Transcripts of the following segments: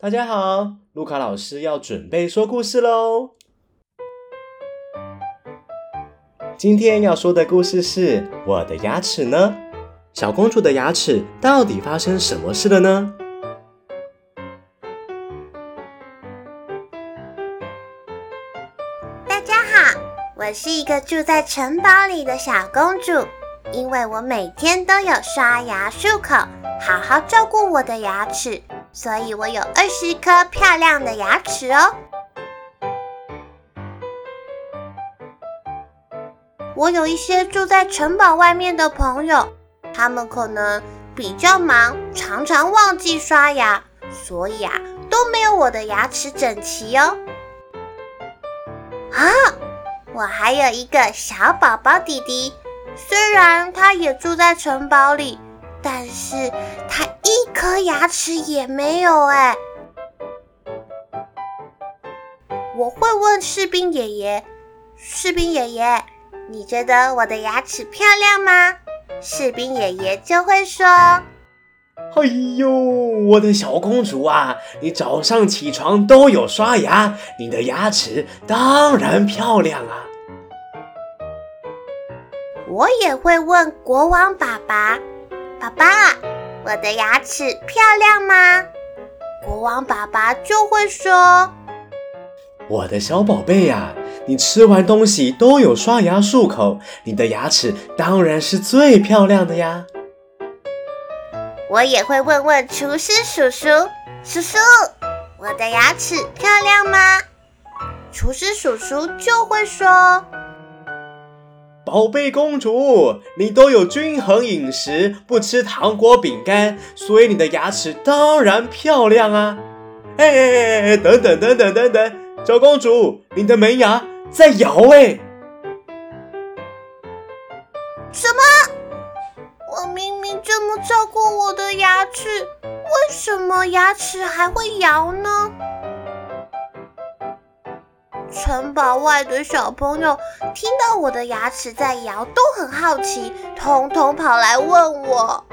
大家好，露卡老師要準備說故事嘍。今天要說的故事是《我的牙齒呢》？小公主的牙齒到底發生什麼事了呢？大家好，我是一個住在城堡裡的小公主，因為我每天都有刷牙漱口，好好照顧我的牙齒。所以我有二十顆漂亮的牙齒哦。我有一些住在城堡外面的朋友，他們可能比較忙，常常忘記刷牙，所以啊，都沒有我的牙齒整齊哦。啊，我還有一個小寶寶弟弟，雖然他也住在城堡裡。但是，他一顆牙齒也沒有哎！我會問士兵爺爺：“士兵爺爺，你覺得我的牙齒漂亮嗎？”士兵爺爺就會說：“哎呦，我的小公主啊，你早上起床都有刷牙，你的牙齒當然漂亮啊！”我也會問國王爸爸。爸爸，我的牙齒漂亮嗎？國王爸爸就會說：“我的小寶貝呀，你吃完東西都有刷牙漱口，你的牙齒當然是最漂亮的呀。”我也會問問廚師叔叔：“叔叔，我的牙齒漂亮嗎？”廚師叔叔就會說。寶貝公主，你都有均衡飲食，不吃糖果餅乾，所以你的牙齒當然漂亮啊！哎哎哎哎哎！等等等等等等，小公主，你的門牙在搖哎！什麼？我明明這麼照顧我的牙齒，為什麼牙齒還會搖呢？城堡外的小朋友聽到我的牙齒在搖，都很好奇，統統跑來問我：“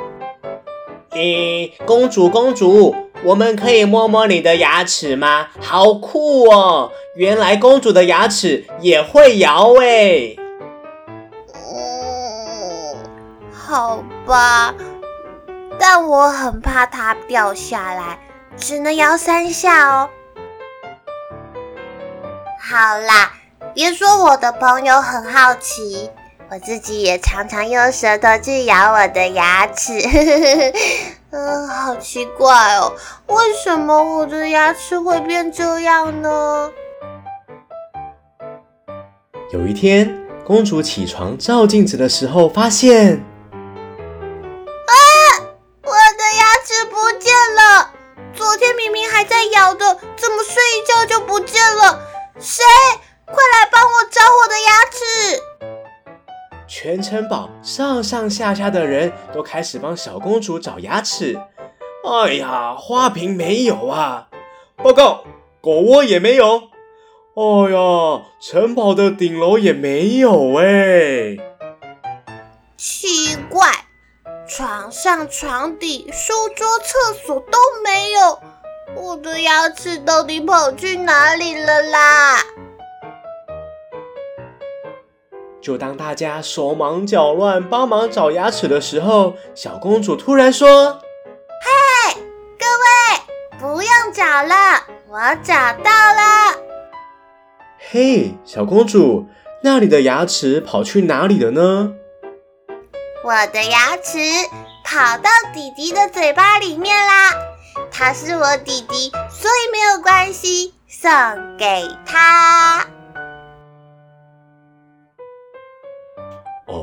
哎、欸，公主，公主，我們可以摸摸你的牙齒嗎？好酷哦！原來公主的牙齒也會搖哎。”嗯，好吧，但我很怕它掉下來，只能搖三下哦。好啦，別說我的朋友很好奇，我自己也常常用舌頭去咬我的牙齒，嗯、呃，好奇怪哦，為什麼我的牙齒會變這樣呢？有一天，公主起床照鏡子的時候，發現。全城堡上上下下的人都開始幫小公主找牙齒。哎呀，花瓶沒有啊！報告，狗窩也沒有。哎呀，城堡的頂樓也沒有哎、欸。奇怪，床上、床底、書桌、廁所都沒有，我的牙齒到底跑去哪裡了啦？就當大家手忙腳亂幫忙找牙齒的時候，小公主突然說：“嘿，hey, 各位，不用找了，我找到了。”“嘿，小公主，那你的牙齒跑去哪裡了呢？”“我的牙齒跑到弟弟的嘴巴裡面啦，他是我弟弟，所以沒有關係，送給他。”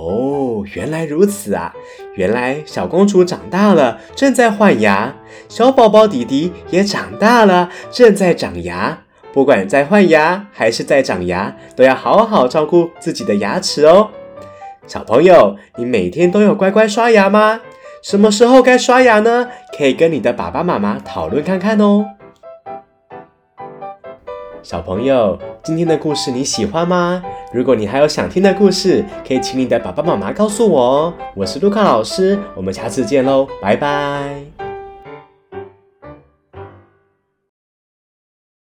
哦，原來如此啊！原來小公主長大了，正在換牙，小寶寶弟弟也長大了，正在長牙。不管在換牙還是在長牙，都要好好照顧自己的牙齒哦。小朋友，你每天都有乖乖刷牙嗎？什麼時候該刷牙呢？可以跟你的爸爸媽媽討論看看哦。小朋友，今天的故事你喜歡嗎？如果你還有想聽的故事，可以請你的爸爸媽媽告訴我哦。我是路卡老師，我們下次見嘍，拜拜。